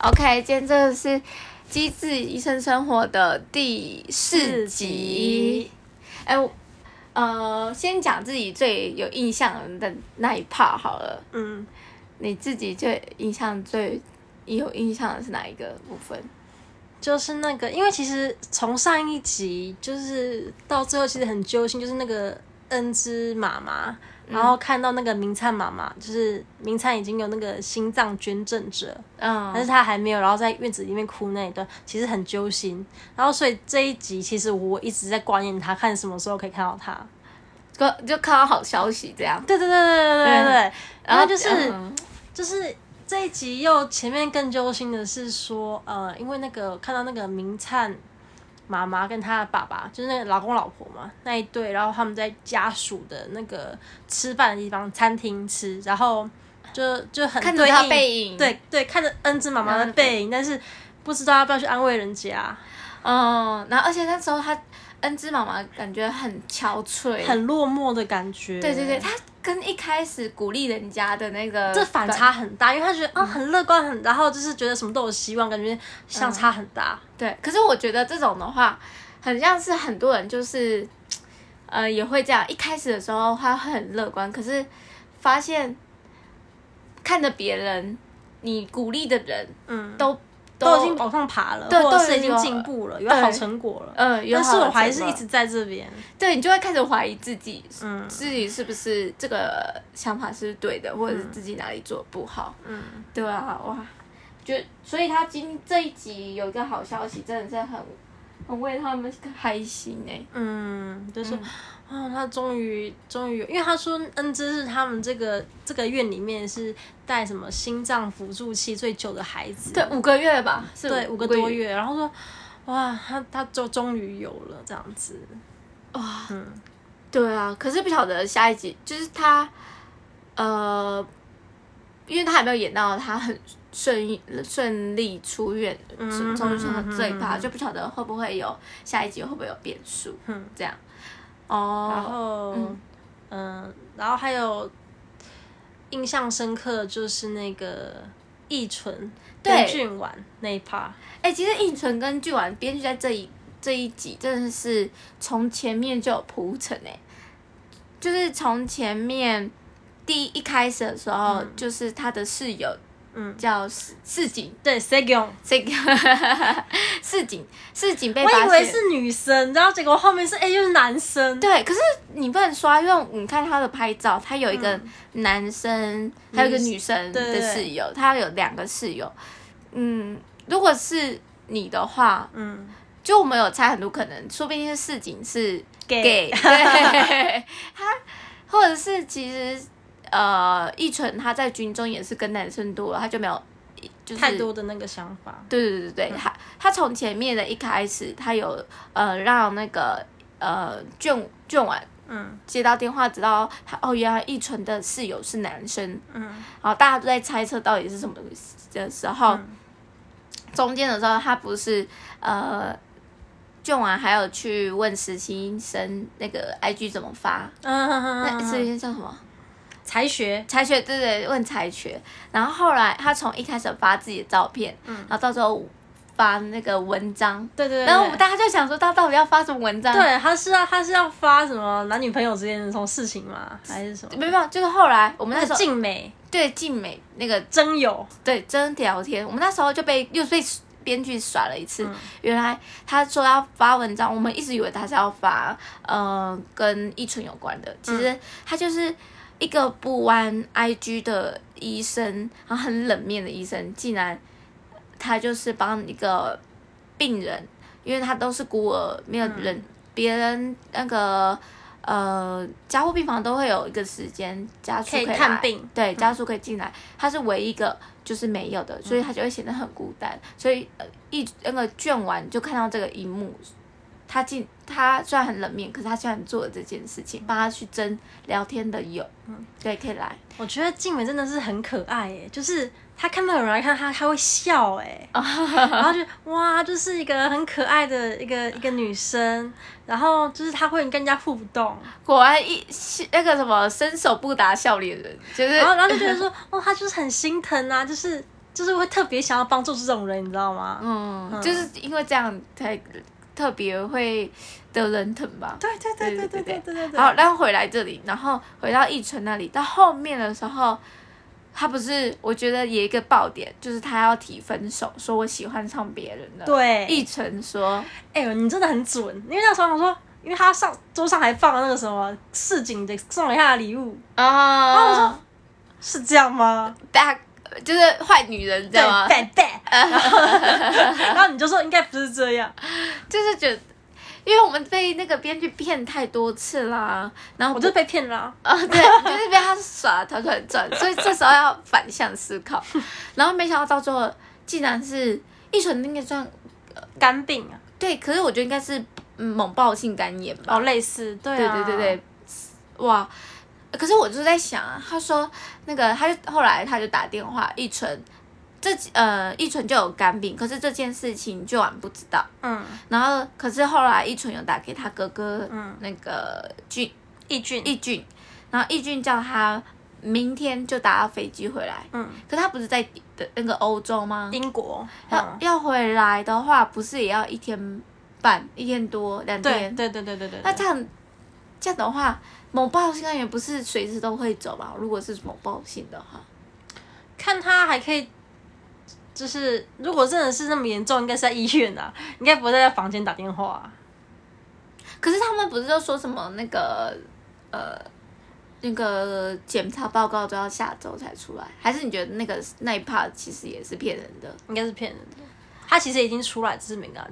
OK，今天這個是《機智醫生生活》的第四集。哎、欸，呃，先講自己最有印象的那一 part 好了。嗯。你自己最印象、最有印象的是哪一個部分？就是那個，因為其實從上一集就是到最後，其實很揪心，就是那個恩之媽媽。然後看到那個明燦媽媽，就是明燦已經有那個心臟捐贈者，嗯，但是他還沒有，然後在院子裡面哭那一段，其實很揪心。然後所以這一集其實我一直在掛念他看什麼時候可以看到他，就就看到好消息這樣。對對對對對對對。然後對就是、嗯、就是這一集又前面更揪心的是說，呃，因為那個看到那個明燦。媽媽跟她的爸爸，就是那個老公老婆嘛，那一對，然後他們在家屬的那個吃飯的地方餐廳吃,然後就就很對應看着他背影，對對，看着恩芝媽媽的背影，背影，但是不知道要不要去安慰人家。嗯，然後而且那時候他恩芝媽媽感覺很憔悴，很落寞的感覺。對對對，他。跟一開始鼓勵人家的那個，這反差很大，因為他覺得啊、嗯哦、很樂觀，很然後就是覺得什麼都有希望，感覺相差很大。嗯。對，可是我覺得這種的話，很像是很多人就是，呃，也會這樣。一開始的時候他會很樂觀，可是發現看着別人，你鼓勵的人，嗯，都。都已經往上爬了，對或者是已經進步了，對有了，有好成果了。嗯對，但是我懷疑是一直在這邊，嗯、了了對，你就會開始懷疑自己，嗯，自己是不是這個想法是是對的，或者是自己哪裡做不好？嗯，對啊，哇，就所以他今天這一集有一個好消息，真的是很。我為他們開心呢。嗯，就是啊、嗯，他終於終於有，因為他說，恩芝是他們這個這個院裡面是帶什麼心臟輔助器最久的孩子。對，五個月吧。是，對，五個多月。月然後說，哇，他他就終於有了這樣子。哇、哦。嗯、對啊，可是不曉得下一集就是他，呃，因為他還沒有演到他很。順順利出院，從從最怕、嗯、哼哼哼哼就不曉得會不會有下一集會不會有變數，嗯、這樣。哦、嗯，然後，嗯,嗯，然後還有印象深刻的就是那個翊純對，俊婉那一趴。哎、欸，其實翊純跟俊婉編劇在這一這一集真的是從前面就有鋪陳哎，就是從前面第一,一開始的時候，嗯、就是他的室友。嗯，叫市市井，對，市井，市井，市井被發現。我以為是女生，然後結果後面是哎，又，欸就是男生。對，可是你不能刷，因為你看他的拍照，他有一個男生，嗯、還有一個女生的室友，他，嗯，有兩個室友。嗯，如果是你的話，嗯，就我們有猜很多可能，說不定是市井是 gay，對，或者是其實。呃，翊純他在軍中也是跟男生多了，他就沒有，就是太多的那個想法。對對對對、嗯、他他從前面的一開始，他有呃讓那個呃雋雋完嗯接到電話直到，知道他哦，原來翊純的室友是男生嗯，然後大家都在猜測到底是什麼的時候，嗯、中間的時候他不是呃雋完還有去問實習生那個 IG 怎麼發嗯，嗯嗯嗯那實習生叫什麼？才學，才學，對，對對，問才學。然後後來他從一開始發自己的照片，嗯，然後到時候發那個文章，對對對、對。然後我們大家就想說，他到底要發什麼文章？對，他是啊，他是要發什麼男女朋友之間的什麼事情嗎？還是什麼？沒有，就是後來我們那時候靜美，對靜美那個真友有，對真聊天。我們那時候就被又被編劇耍了一次。嗯、原來他說要發文章，我們一直以為他是要發嗯、呃、跟翊純有關的，其實他就是。嗯一個不玩 IG 的醫生，然後很冷面的醫生，竟然他就是幫一個病人，因為他都是孤兒，沒有人別、嗯、人那個呃，加護病房都會有一個時間，家屬可以來，對，家屬可以進來，嗯、他是唯一一個就是沒有的，所以他就會顯得很孤單，嗯、所以一那個卷完就看到這個一幕。他靜，他雖然很冷面，可是他雖然做了這件事情，幫他去爭聊天的友，嗯、對，可以來。我覺得靜美真的是很可愛耶、欸，就是他看到有人來看他，他會笑哎、欸， 然後就哇，就是一個很可愛的一個一個女生，然後就是他會跟人家互動，果然一那個什麼伸手不打笑臉人，就是，然，然後就覺得說， 哦，他就是很心疼啊，就是就是會特別想要幫助這種人，你知道嗎？嗯，嗯，就是因為這樣才。特別會得人疼吧？對對對對對對對對對。好，然後，回來這裡，然後回到翊純那裡。到後面的時候，他不是，我覺得有一個爆點，就是他要提分手，說我喜歡上別人了。對，翊純說：“哎呦、欸，你真的很準。”因為那時候我說，因為他上桌上還放了那個什麼市井的送給他的禮物啊。Oh. 然後我說：“是這樣嗎？” Back 就是壞女人，這樣嗎？對，對，對。 然後你就說應該不是這樣， 就是覺得，因為我們被那個編劇騙太多次啦，然後我就被騙了啊，哦，對，就是被他耍團團轉，所以這時候要反向思考， 然後沒想到到最後竟然是翊純那個算肝病啊，對，可是我覺得應該是，嗯，猛暴性肝炎吧，哦，類似，對，啊，對對對，哇。可是我就在想啊，他說那個，他就後來他就打電話，翊純，這呃翊純就有肝病，可是這件事情就我們不知道。嗯。然後可是後來翊純有打給他哥哥，嗯，那個俊，易俊，易俊，然後易俊叫他明天就打到飛機回來。嗯。可他不是在的那個歐洲嗎？英國。嗯、要要回來的話，不是也要一天半一天多兩天對？對對對對對,對,對那這樣。這樣的話，某報性人也不是隨時都會走吧？如果是某報信的話，看他還可以，就是如果真的是那麼嚴重，應該是在醫院啊，應該不會在房間打電話啊。可是他們不是就說什麼那個呃那個檢查報告都要下週才出來，還是你覺得那個那一 part 其實也是騙人的？應該是騙人的，他其實已經出來，只是沒跟他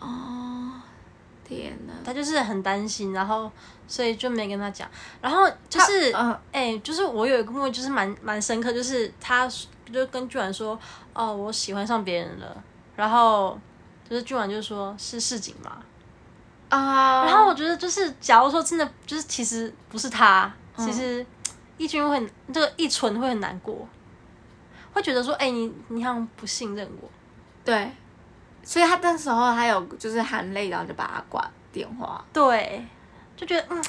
講。哦。天吶，他就是很擔心，然後所以就沒跟他講。然後就是，哎、嗯欸，就是我有一個幕，就是蠻蠻深刻，就是他就跟居然說，哦，我喜歡上別人了。然後就是居然就說是世井嘛。啊、嗯。然後我覺得就是，假如說真的就是，其實不是他，其實一群、嗯、會很這個一純會很難過，會覺得說，哎、欸，你你好像不信任我。對。所以他那時候還有就是含淚，然後就把他掛電話。對，就覺得嗯。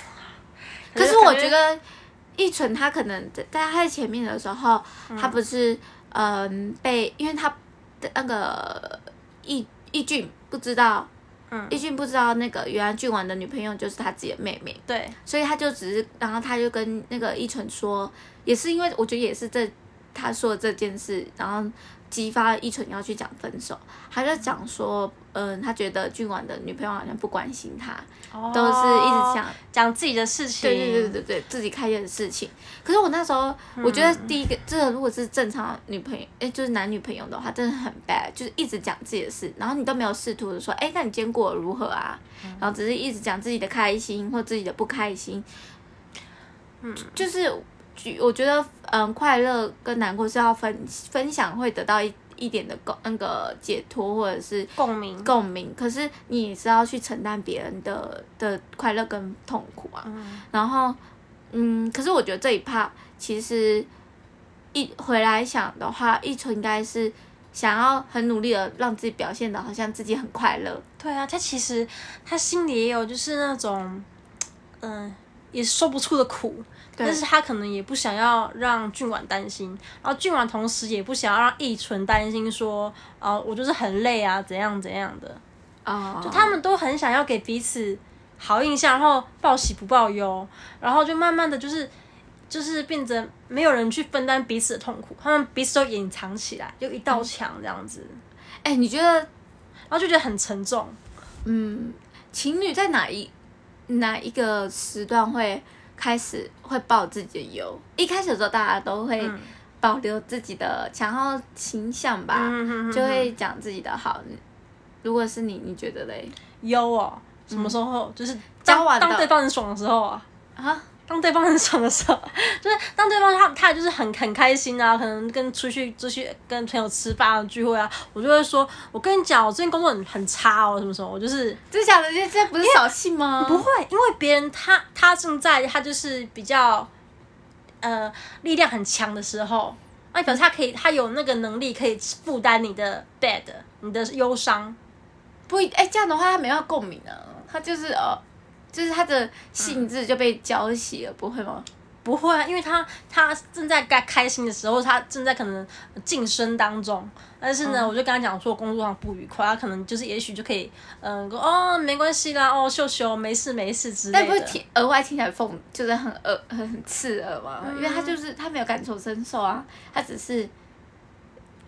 可是我覺得，覺翊純他可能在他在前面的時候，他不是嗯，嗯被，因為他那個易易俊不知道，嗯，易俊不知道那個原來俊完的女朋友就是他自己的妹妹。對。所以他就只是，然後他就跟那個翊純說，也是因為我覺得也是這他說的這件事，然後。激發翊純要去講分手，他就講說，嗯、呃，他覺得俊婉的女朋友好像不關心他，哦、都是一直講講自己的事情，對對對對對，自己開心的事情。可是我那時候，嗯、我覺得第一個，這個、如果是正常女朋友誒，就是男女朋友的話，真的很 bad，就是一直講自己的事，然後你都沒有試圖的說，哎，那你今天過得如何啊？嗯、然後只是一直講自己的開心或自己的不開心，嗯就，就是，我覺得。嗯，快樂跟難過是要分分享，會得到一一點的共那個解脫或者是共鳴共鳴。可是你也是要去承擔別人的的快樂跟痛苦啊。嗯、然後，嗯，可是我覺得這一 part 其實一回來想的話，翊純應該是想要很努力的讓自己表現的好像自己很快樂。對啊，他其實他心裡也有就是那種，嗯，也說不出的苦。對但是他可能也不想要讓俊婉擔心，然後俊婉同時也不想要讓翊純擔心，說，啊，我就是很累啊，怎樣怎樣的，啊，oh. 就他們都很想要給彼此好印象，然後報喜不報憂，然後就慢慢的就是，就是變成沒有人去分擔彼此的痛苦，他們彼此都隱藏起來，就一道牆這樣子。哎、嗯欸，你覺得，然後就覺得很沉重。嗯，情侶在哪一哪一個時段會？開始會爆自己的憂？一開始的時候，大家都會保留自己的強項形象吧，嗯、就會講自己的好。嗯嗯嗯、如果是你，你覺得嘞？憂啊，什麼時候、嗯、就是當交的當對方很爽的時候啊？啊？當對方很爽的時候，就是當對方他他就是很很開心啊，可能跟出去出去跟朋友吃飯啊聚會啊，我就會說，我跟你講，我最近工作很很差哦，什麼什麼，我就是真的假的？因為這這不是小氣嗎？不會，因為別人他他正在他就是比較呃力量很強的時候，哎、啊，反正他可以，他有那個能力可以負擔你的 bad，你的憂傷，不會哎、欸、這樣的話他沒有共鳴啊，他就是呃。哦就是他的性質就被澆熄了，嗯、不會嗎？不會啊，因為他他正在開開心的時候，他正在可能晉升當中，但是呢，嗯、我就跟他講說工作上不愉快，他可能就是也許就可以，嗯、呃，哦，沒關係啦，哦，秀秀沒事沒事之類的。但不是聽額外聽起來諷，就是很呃很很刺耳嘛，嗯、因為他就是他沒有感同身受啊，他只是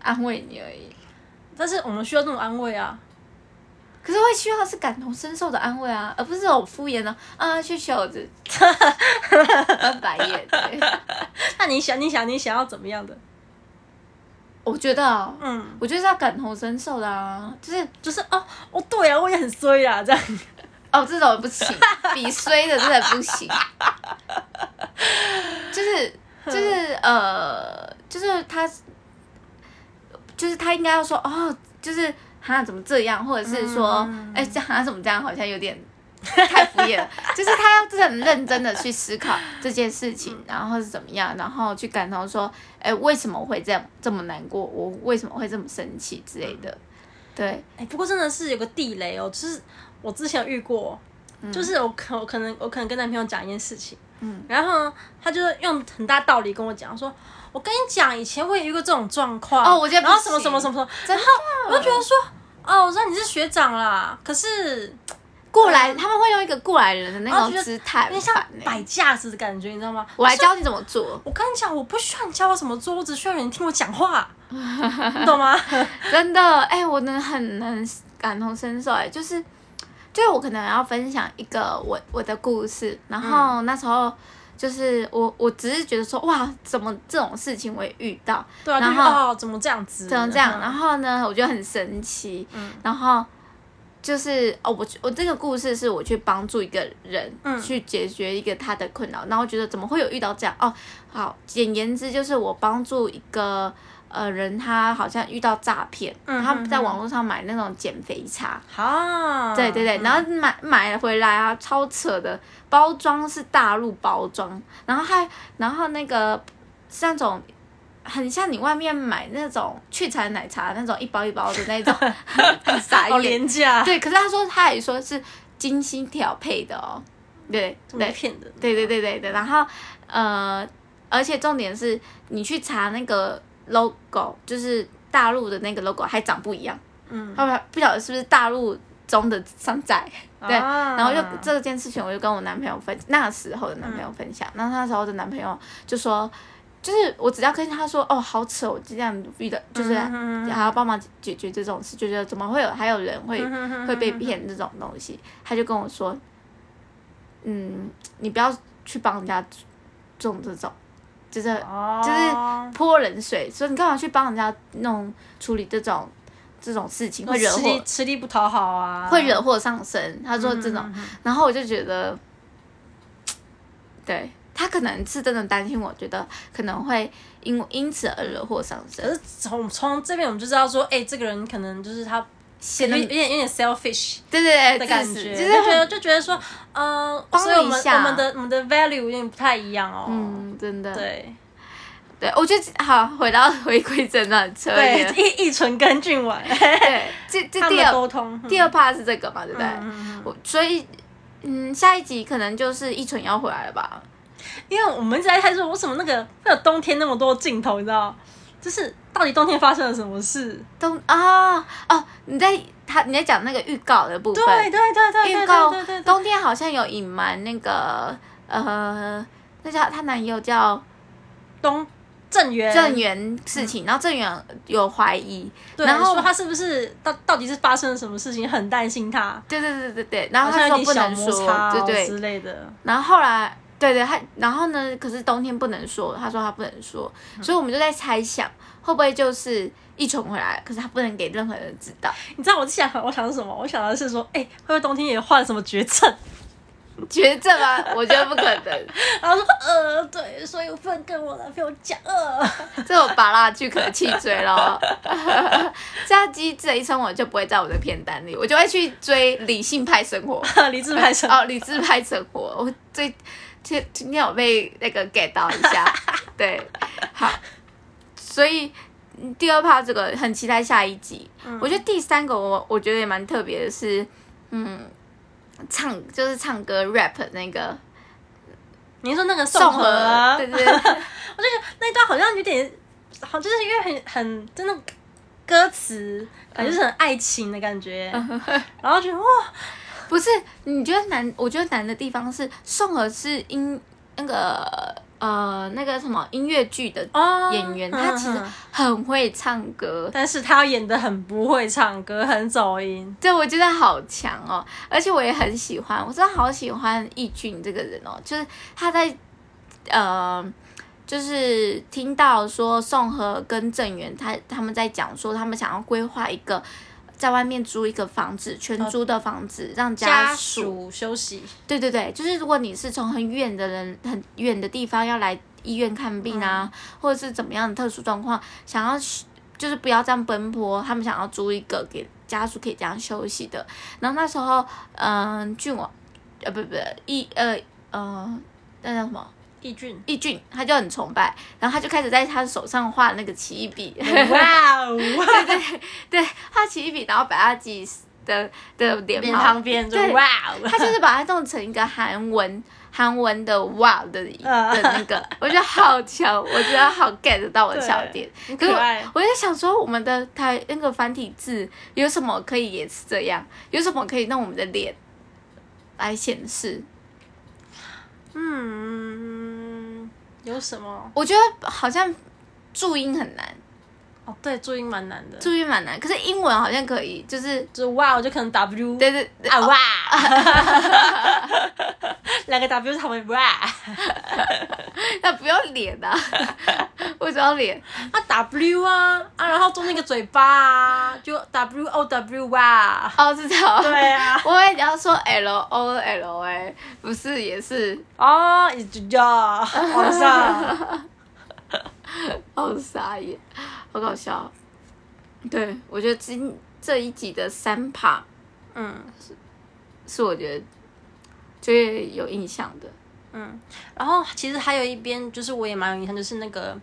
安慰你而已。但是我們需要這種安慰啊。可是我也需要的是感同身受的安慰啊，而不是這種敷衍呢，啊，謝謝哈子，哈， 翻白眼。對 那你想，你想，你想要怎麼樣的？我覺得、哦，啊，嗯，我覺得是要感同身受的啊，就是就是哦哦，對啊，我也很衰啊，這樣哦，這種也不行，比衰的真的不行， 就是就是呃，就是他，就是他應該要說哦，就是。他怎麼這樣，或者是說，哎、嗯，這、嗯、樣、欸、他怎麼這樣，好像有點太敷衍。 就是他要很認真的去思考這件事情，嗯、然後是怎麼樣，然後去感同說，哎、欸，為什麼我會這樣，這麼難過，我為什麼會這麼生氣之類的。對，哎、欸，不過真的是有個地雷哦，就是我之前有遇過，嗯、就是我可可能我可能跟男朋友講一件事情，嗯，然後他就用很大道理跟我講，說，我跟你講，以前我也遇過這種狀況哦，我覺得不行，然後什麼什麼什麼什麼，哦、然後我就覺得說。哦，我知道你是學長啦，可是過來、哦、他們會用一個過來人的那種姿態、啊，就是、有點像擺架子的感覺，欸、你知道嗎？我來教你怎麼做。我跟你講，我不需要你教我怎麼做，我只需要人聽我講話， 你懂嗎？ 真的，哎、欸，我能很能感同身受、欸，就是，就是我可能要分享一個我我的故事，然後那時候。嗯就是我，我只是覺得說，哇，怎麼這種事情我也遇到？對啊，然後、哦、怎麼這樣子？怎麼這樣？然後呢，我覺得很神奇。嗯，然後就是哦，我我這個故事是我去幫助一個人，嗯、去解決一個他的困擾。然後我覺得怎麼會有遇到這樣？哦，好，簡言之就是我幫助一個。呃，人他好像遇到詐騙，他在網絡上買那種減肥茶，嗯、哼對對對，然後買買了回來啊，超扯的，包裝是大陸包裝，然後還然後那個像那種很像你外面買那種雀巢奶茶那種一包一包的那種， 很傻好廉價。對，可是他說他也說是精心調配的哦，對，奶片的，對對對對對，然後呃，而且重點是你去查那個。logo 就是大陸的那個 logo 還長不一樣，嗯，後來不曉得是不是大陸中的山寨，對，啊、然後就這件事情我就跟我男朋友分那時候的男朋友分享，那、嗯、那時候的男朋友就說，就是我只要跟他說哦好醜，我就這樣遇到就是還要、嗯、幫忙解決這種事，就覺得怎麼會有還有人會會被騙這種東西，他就跟我說，嗯，你不要去幫人家做這種。就是、oh. 就是潑冷水，所以你幹嘛去幫人家弄處理這種這種事情，會惹禍，吃力不討好啊，會惹禍上身。他說這種，嗯嗯嗯，然後我就覺得，對，他可能是真的擔心，我覺得可能會因因此而惹禍上身。而從從這邊我們就知道說，哎、欸，這個人可能就是他。顯得有點有點 selfish，對對，對的感覺，就是就是、很就覺得就覺得說，嗯、呃，所以我們我們的我們的 value 有點不太一樣哦。嗯，真的，對，對，我覺得好，回到回歸正傳，對，翊翊純跟雋婠， 對，這這第二通第二 part 是這個嘛，對不對？我所以嗯，下一集可能就是翊純要回來了吧，因為我們一直在他說為什麼那個那個冬天那麼多鏡頭，你知道？就是，到底冬天發生了什麼事？冬啊、哦，哦，你在他你在講那個預告的部分，對對對對告，預告冬天好像有隱瞞那個呃，那叫她男友叫東，鄭源，鄭源事情，嗯、然後鄭源有懷疑，對然後他是不是到到底是發生了什麼事情，很擔心他，對對對對對，然後他說不能說，對對，對之類的，然後後來。對對，他然後呢？可是冬天不能說，他說他不能說，嗯、所以我們就在猜想，會不會就是翊純回來？可是他不能給任何人知道。你知道我在想，我想是什麼？我想的是說，哎，會不會冬天也患了什麼絕症？絕症啊？我覺得不可能。 然後說，呃，對，所以我不能跟我男朋友講。呃，這種芭樂劇可能棄追了。 這樣機智的一生，我就不會在我的片單裡，我就會去追理性派生活， 理智派生活、呃、哦，理智派生活，我最。今天我被那個 get 到一下， 對，好，所以第二趴這個很期待下一集。嗯、我覺得第三個我我覺得也蠻特別的是，是嗯，唱就是唱歌 rap 的那個，你說那個宋和，啊，對，對對， 我就覺得那段好像有點好，就是因為很很真的歌詞，感覺是很愛情的感覺，嗯、 然後覺得哇。不是你覺得難，我覺得難的地方是宋和是音那個呃那個什麼音樂劇的演員，哦、他其實很會唱歌，但是他演得很不會唱歌，很走音。對，我覺得好強哦，而且我也很喜歡，我真的好喜歡翊俊這個人哦，就是他在呃，就是聽到說宋和跟鄭源他他們在講說他們想要規劃一個。在外面租一個房子，全租的房子。哦、讓家屬，家屬休息。對對對，就是如果你是從很遠的人，很遠的地方要來醫院看病啊，嗯、或者是怎麼樣的特殊狀況，想要就是不要這樣奔波，他們想要租一個給家屬可以這樣休息的。然後那時候，嗯、呃，據我，呃，不不，不，一呃呃，那叫什麼？奕俊，奕俊，他就很崇拜，然後他就開始在他的手上畫那個奇異筆，哇哦，對對對，畫奇異筆，然後把他己的的臉旁邊，哇對，哦，the wow. 他就是把它弄成一個韓文，韓文的哇、wow、的的那個，uh, 我覺得好強， 我覺得好 get 到我的笑點，對可是我就愛想說，我們的他那個繁體字有什麼可以也是這樣，有什麼可以讓我們的臉來顯示？什麼？我覺得好像注音很難。哦，oh, 對，注音蠻難的，注音蠻難。可是英文好像可以，就是就哇我就可能 W。對對，對啊哇，兩個 W 他們哇， 那不要臉的、啊 為什麼要臉？啊 W 啊啊，然後做那個嘴巴啊，就 WOW 啊，哦是這樣，對啊，我也要說 LOL 哎，A, 不是也是啊，一只腳，好傻，好傻耶，好搞笑，對我覺得今這一集的三 part，嗯，是是我覺得最有印象的。嗯，然後其實還有一邊就是我也蠻有印象，就是那個，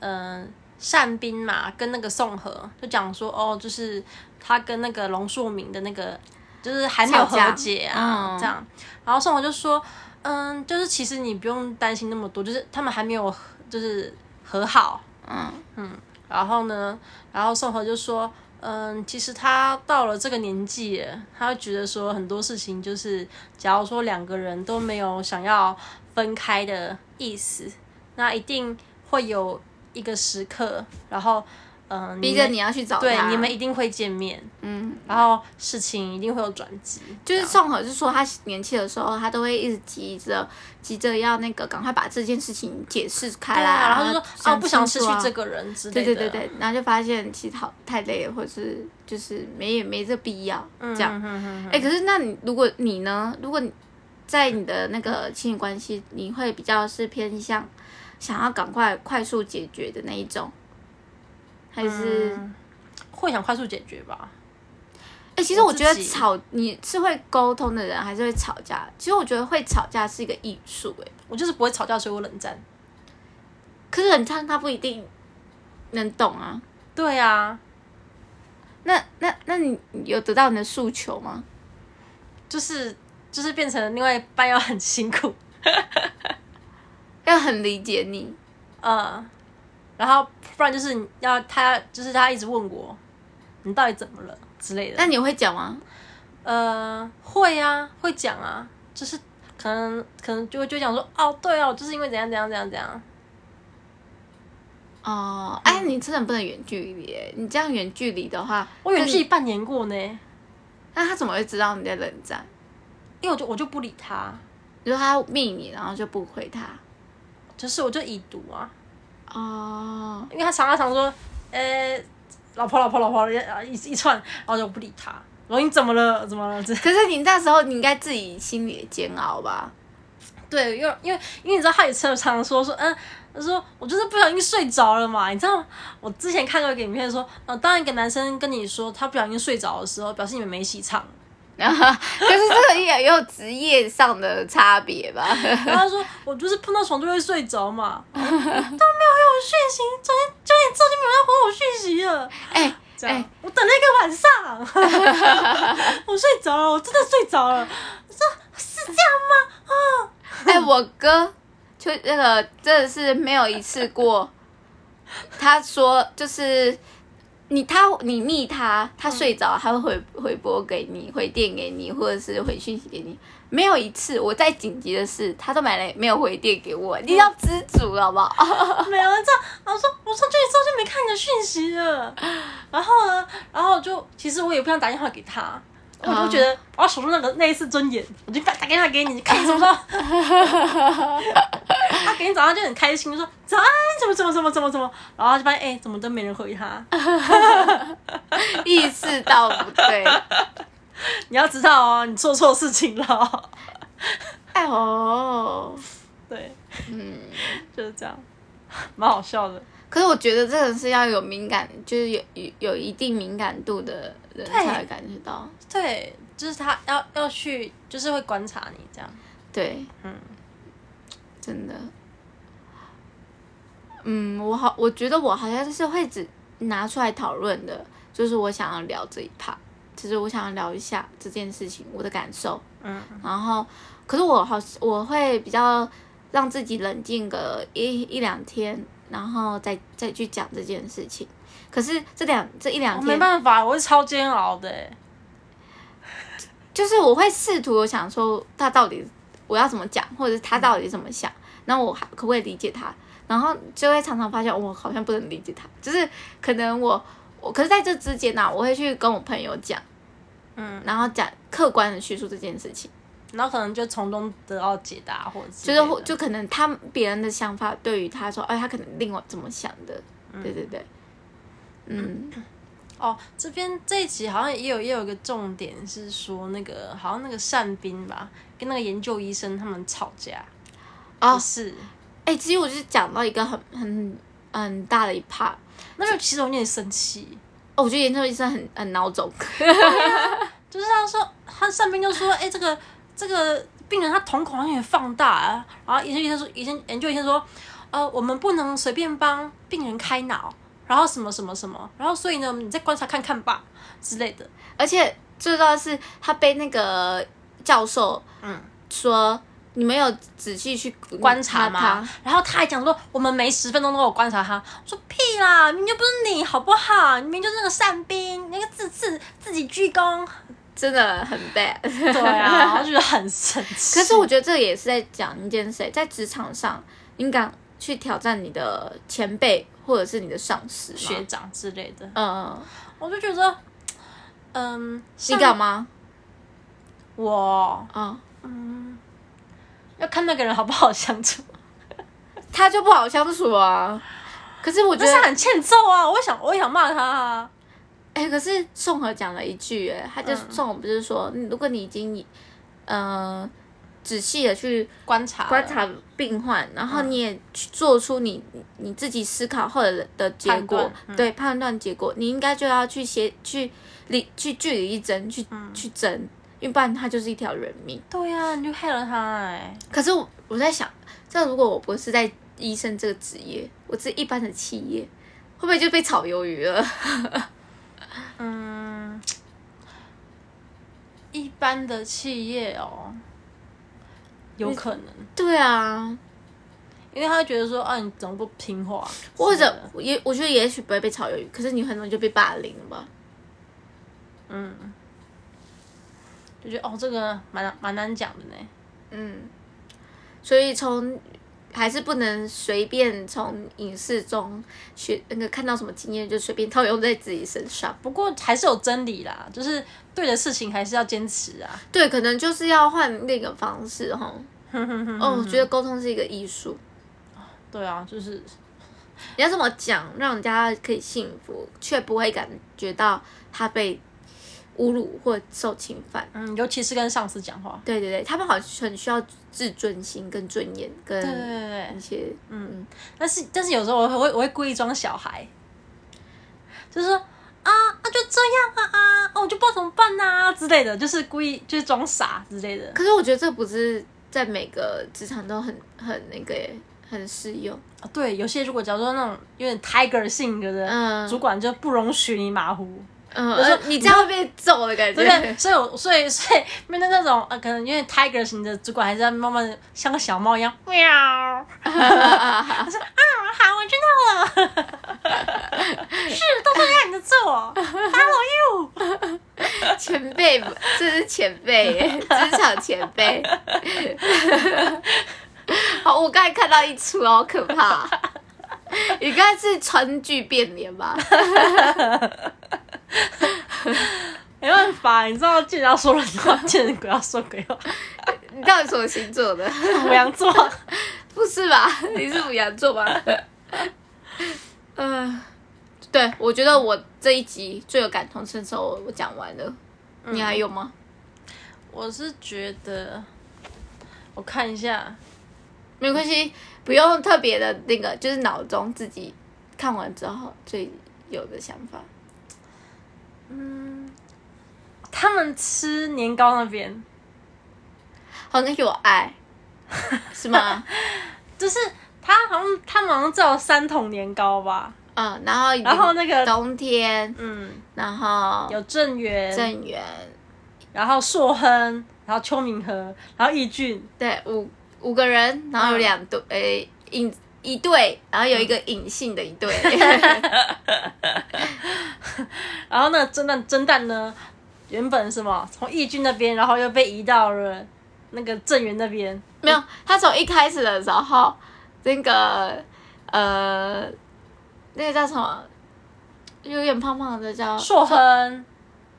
嗯、呃，善斌，嘛，跟那個宋和就講說，哦，就是他跟那個龍朔明的那個，就是還沒有和解啊，嗯、這樣。然後宋和就說，嗯，就是其實你不用擔心那麼多，就是他們還沒有，就是和好。嗯，然後呢，然後宋和就說。嗯，其實他到了這個年紀，他會覺得說很多事情就是，假如說兩個人都沒有想要分開的意思，那一定會有一個時刻，然後。嗯，呃、逼着你要去找他，你們，對，你們一定會見面。嗯，然後事情一定會有轉機。就是頌和是說，他年輕的時候，他都會一直急着急着要那個，趕快把這件事情解釋開來。啊、然後就說，哦，我不想失去這個人之類的。對對對對，然後就發現其實好太累了，或者是就是沒也沒這必要這樣。哎、嗯嗯嗯，可是那你如果你呢？如果你在你的那個親密關係，嗯、你會比較是偏向想要趕快快速解決的那一種。還是、嗯、會想快速解決吧？哎、欸，其實我覺得吵，你是會溝通的人，還是會吵架？其實我覺得會吵架是一個藝術、欸。哎，我就是不會吵架，所以我冷戰。可是冷戰他不一定能懂啊。對啊，那那那你有得到你的訴求嗎？就是就是變成另外一半要很辛苦， 要很理解你，嗯。Uh. 然後不然就是要他就是他一直問我，你到底怎麼了之類的。那你會講嗎？呃，會啊，會講啊，就是可能可能就就講說，哦，對哦、啊，就是因為怎樣怎樣怎樣怎樣。哦，哎，你真的不能遠距離耶，你這樣遠距離的話，我遠距離半年過呢。那他怎麼會知道你在冷戰？因為我就我就不理他，就是他要密你，然後就不回他，就是我就已讀啊。哦，因為他常常常說，呃、欸，老婆老婆老婆，一一串，然後就不理他，然後你怎麼了？怎麼了？可是你那時候你應該自己心裡也煎熬吧？對，因為因為因為你知道他也常常說說嗯，他說我就是不小心睡着了嘛，你知道我之前看過一個影片說，呃、哦，當一個男生跟你說他不小心睡着的時候，表示你們沒戲唱。然後 可是這個也有職業上的差別吧？ 然後他說我就是碰到床就會睡着嘛， 都沒有回我訊息，昨天就連昨天早就沒有人回我訊息了。哎哎，我等了一個晚上， 我睡着了，我真的睡着了。 我說是這樣嗎？啊？哎，我哥就那、這個真的是沒有一次過， 他說就是。你他你密他，他睡着，嗯、他會回回撥給你回電給你，或者是回訊息給你。沒有一次，我再緊急的事，他都買了沒有回電給我。你要知足了好不好？嗯、 沒有這樣，我說我說這一周就沒看你的訊息了， 然後呢，然後就其實我也不想打電話給他。我就覺得、uh huh. 我要守住那個那一次尊嚴，我就打電話給你，你看你怎麼說。 他給你早上就很開心，就說早安，怎麼怎麼怎麼怎麼怎麼，麼，麼，然後就發現哎、欸，怎麼都沒人回他， 意識到不對，你要知道哦、啊，你做錯事情了。 哎哦呦，對，嗯，就是這樣，蠻好笑的。可是我覺得這個是要有敏感，就是有有有一定敏感度的。對才會感覺到，對，就是他要要去，就是會觀察你這樣，對，嗯，真的，嗯，我好，我覺得我好像就是會只拿出來討論的，就是我想要聊這一趴，其實我想要聊一下這件事情，我的感受，嗯，然後，可是我好，我會比較讓自己冷靜個一一兩天，然後再再去講這件事情。可是這兩這一兩天我沒辦法，我是超煎熬的、欸，就是我會試圖想說他到底我要怎麼講，或者是他到底怎麼想，那、嗯、我可不可以理解他？然後就會常常發現我好像不能理解他，就是可能我我可是在這之間呢、啊，我會去跟我朋友講，嗯，然後講客觀的敘述這件事情，然後可能就從中得到解答，或者就是就可能他別人的想法對於他說，哎，他可能令我怎麼想的？嗯、對對對。嗯，哦，這邊這一集好像也有也有一個重點是說，那個好像那個善彬吧，跟那個研究醫生他們吵架啊，哦，就是，哎、欸，其實我就講到一個很很很大的一 part，那就其實我有點生氣，哦，我覺得研究醫生很很孬種，就是他說他善彬就說，哎、欸，這個這個病人他瞳孔有點放大，啊，然後研究醫生說，研究研究醫生說，呃，我們不能隨便幫病人開腦。然後什麼什麼什麼，然後所以呢，你再觀察看看吧之類的。而且最重要是，他被那個教授說，嗯，說你沒有仔細去觀察嗎？然後他還講說，我們每十分鐘都有觀察他。說屁啦，明明就不是你好不好？明明就是那個善兵，那個自自自己鞠躬，真的很 bad。 對啊，然後 覺得很神奇。可是我覺得這個也是在講一件事，在職場上，你敢去挑戰你的前輩？或者是你的上司、學長之類的，嗯，我就覺得，嗯，你幹嘛？我啊，嗯，要看那個人好不好相處，他就不好相處啊。 可是我覺得我就是很欠揍啊！我也想，我也想罵他啊。哎、欸，可是頌和講了一句、欸，他就頌和不是說，嗯、如果你已經，嗯。仔細的去觀察觀察病患，然後你也去做出你你自己思考後的的結果，判斷嗯、對判斷結果，你應該就要去寫去離去距理力、一爭去、嗯、去爭，因為不然他就是一條人命。對呀、啊，你就害了他哎、欸。可是我我在想，這如果我不是在醫生這個職業，我是一般的企業，會不會就被炒魷魚了？ 嗯，一般的企業哦。有可能，對啊，因為他會覺得說，啊，你怎麼不聽話？或者，我也我覺得也許不會被炒魷魚，可是你很容易就被霸凌了吧。嗯，就覺得哦，這個蠻蠻難講的呢。嗯，所以從。還是不能隨便從影視中學那個看到什麼經驗就隨便套用在自己身上。不過還是有真理啦，就是對的事情還是要堅持啊。對，可能就是要換那個方式哈。哦，我、 oh, 覺得溝通是一個藝術。對啊，就是你要怎麼講，讓人家可以信服，卻不會感覺到他被。侮辱或受侵犯，嗯，尤其是跟上司講話，對對對，他們好像很需要自尊心、跟尊嚴對、跟一些，嗯嗯，但是但是有時候我會我會故意裝小孩，就是說啊那、啊、就這樣啊啊，啊我就不知道怎麼辦吶、啊、之類的，就是故意就是裝傻之類的。可是我覺得這不是在每個職場都很很那個耶很適用啊，對，有些如果假如說那種有點 tiger 性格的主管就不容許你馬虎，嗯我、嗯、說、啊、你這樣會被揍的感覺，對所以所以所以面對那種啊，可能因為 Tiger 你的主管，還是慢慢像個小貓一樣喵。我 說啊，好，我知道了。 是，都是一樣的做。 Hello you，前輩，這是前輩，職場 前輩。 好，我剛才看到一出，好可怕。 你剛才是川劇變臉吧？ 沒辦法、啊，你知道既然要說人話， 見人鬼要說鬼話。 你到底是什麼星座的？牡羊座，不是吧？你是牡羊座吧？嗯、 呃，對，我覺得我這一集最有感同身受，我講完了。嗯、你還有嗎？我是覺得，我看一下，沒關係，不用特別的那個，就是腦中自己看完之後最有的想法。嗯，他們吃年糕那邊好像有愛，是嗎？ 就是他好像他們好像只有三桶年糕吧。嗯，然後然後那個冬天，嗯，然後有鄭、那、源、個、鄭源、那個，然後碩亨，然後邱明和，然後義俊，對，五五個人，然後有兩對、嗯、欸、印。一對，然後有一個隱性的一對，然後呢，真的真的呢？原本是嗎？從翊純那邊，然後又被移到了那個政源那邊。沒有，他從一開始的時候，那個呃，那個叫什麼？有點胖胖的叫碩亨，痕啊、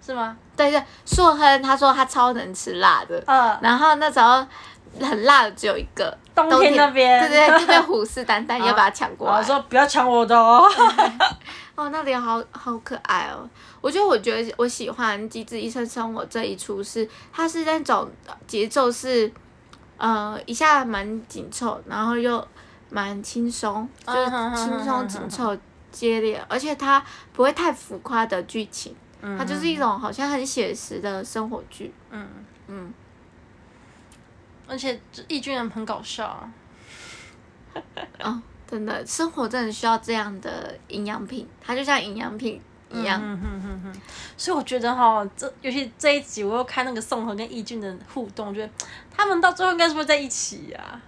是嗎？對，對，碩亨。他說他超能吃辣的。嗯、呃，然後那時候很辣的只有一個。都天那邊，對對，對， 這邊虎視眈眈，你 要把它搶過來。我說不要搶我的哦。哦，那裡好好可愛哦！我覺得，我覺得我喜歡《機智醫生生我這一齣是，他是那種節奏是，呃，一下蠻緊湊，然後又蠻輕鬆，嗯、就是輕鬆緊湊接力，嗯、而且它不會太浮誇的劇情，它就是一種好像很寫實的生活劇。嗯嗯。嗯而且易俊人很搞笑啊、哦，啊，真的，生活真的需要這樣的營養品，它就像營養品一樣。嗯嗯嗯嗯嗯嗯、所以我覺得哈、哦，這尤其這一集，我又看那個頌和跟翊純的互動，我覺得他們到最後應該是不是在一起啊？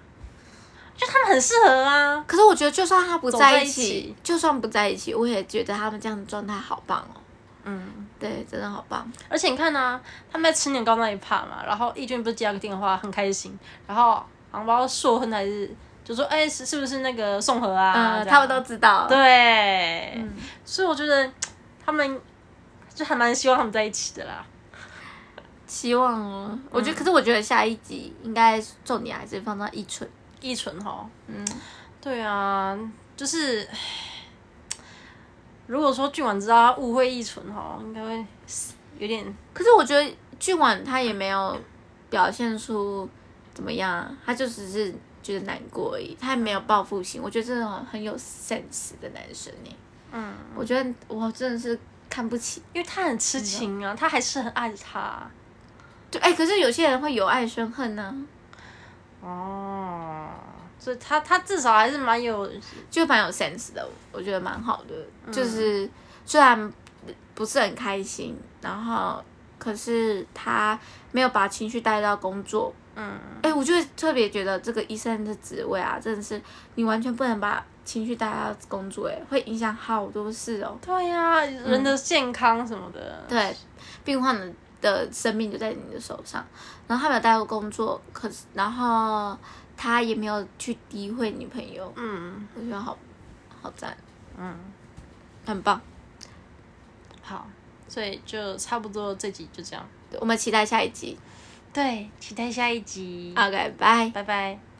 就他們很適合啊。可是我覺得，就算他不在一起，一起就算不在一起，我也覺得他們這樣的狀態好棒哦。嗯。對，真的好棒！而且你看啊，他們在吃年糕那一趴嘛，然後翊純不是接了個電話，很開心。然後杭包說：“很還是就說，哎、欸，是是不是那個宋河啊？”嗯、樣他們都知道。對，嗯、所以我覺得他們就還蠻希望他們在一起的啦。希望哦，嗯、我覺得，可是我覺得下一集應該重點還是放到翊純，翊純哦。嗯，對啊，就是。如果說俊晚知道他誤會翊純哈，應該會有點。可是我覺得俊晚他也沒有表現出怎麼樣，他就只是覺得難過而已，他也沒有報復心。我覺得這種很有 sense 的男生呢。嗯，我覺得我真的是看不起，因為他很癡情啊，嗯、他還是很愛他、啊。對，哎、欸，可是有些人會由愛生恨呢、啊。哦。所以他他至少還是蠻有，就蠻有 sense 的，我覺得蠻好的。嗯、就是雖然不是很開心，然後可是他沒有把情緒帶到工作。嗯，誒、欸，我就特別覺得這個醫生的職位啊，真的是你完全不能把情緒帶到工作、欸，誒，會影響好多事哦、喔。對呀、啊，人的健康什麼的。嗯、對，病患的的生命就在你的手上，然後他沒有帶到工作，可是然後。他也沒有去詆毀女朋友，嗯，我覺得好好讚，嗯，很棒，好，所以就差不多這集就這樣，我們期待下一集，對，期待下一集，OK，拜拜，拜拜。